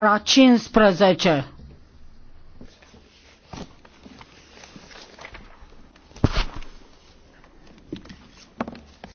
ora 15.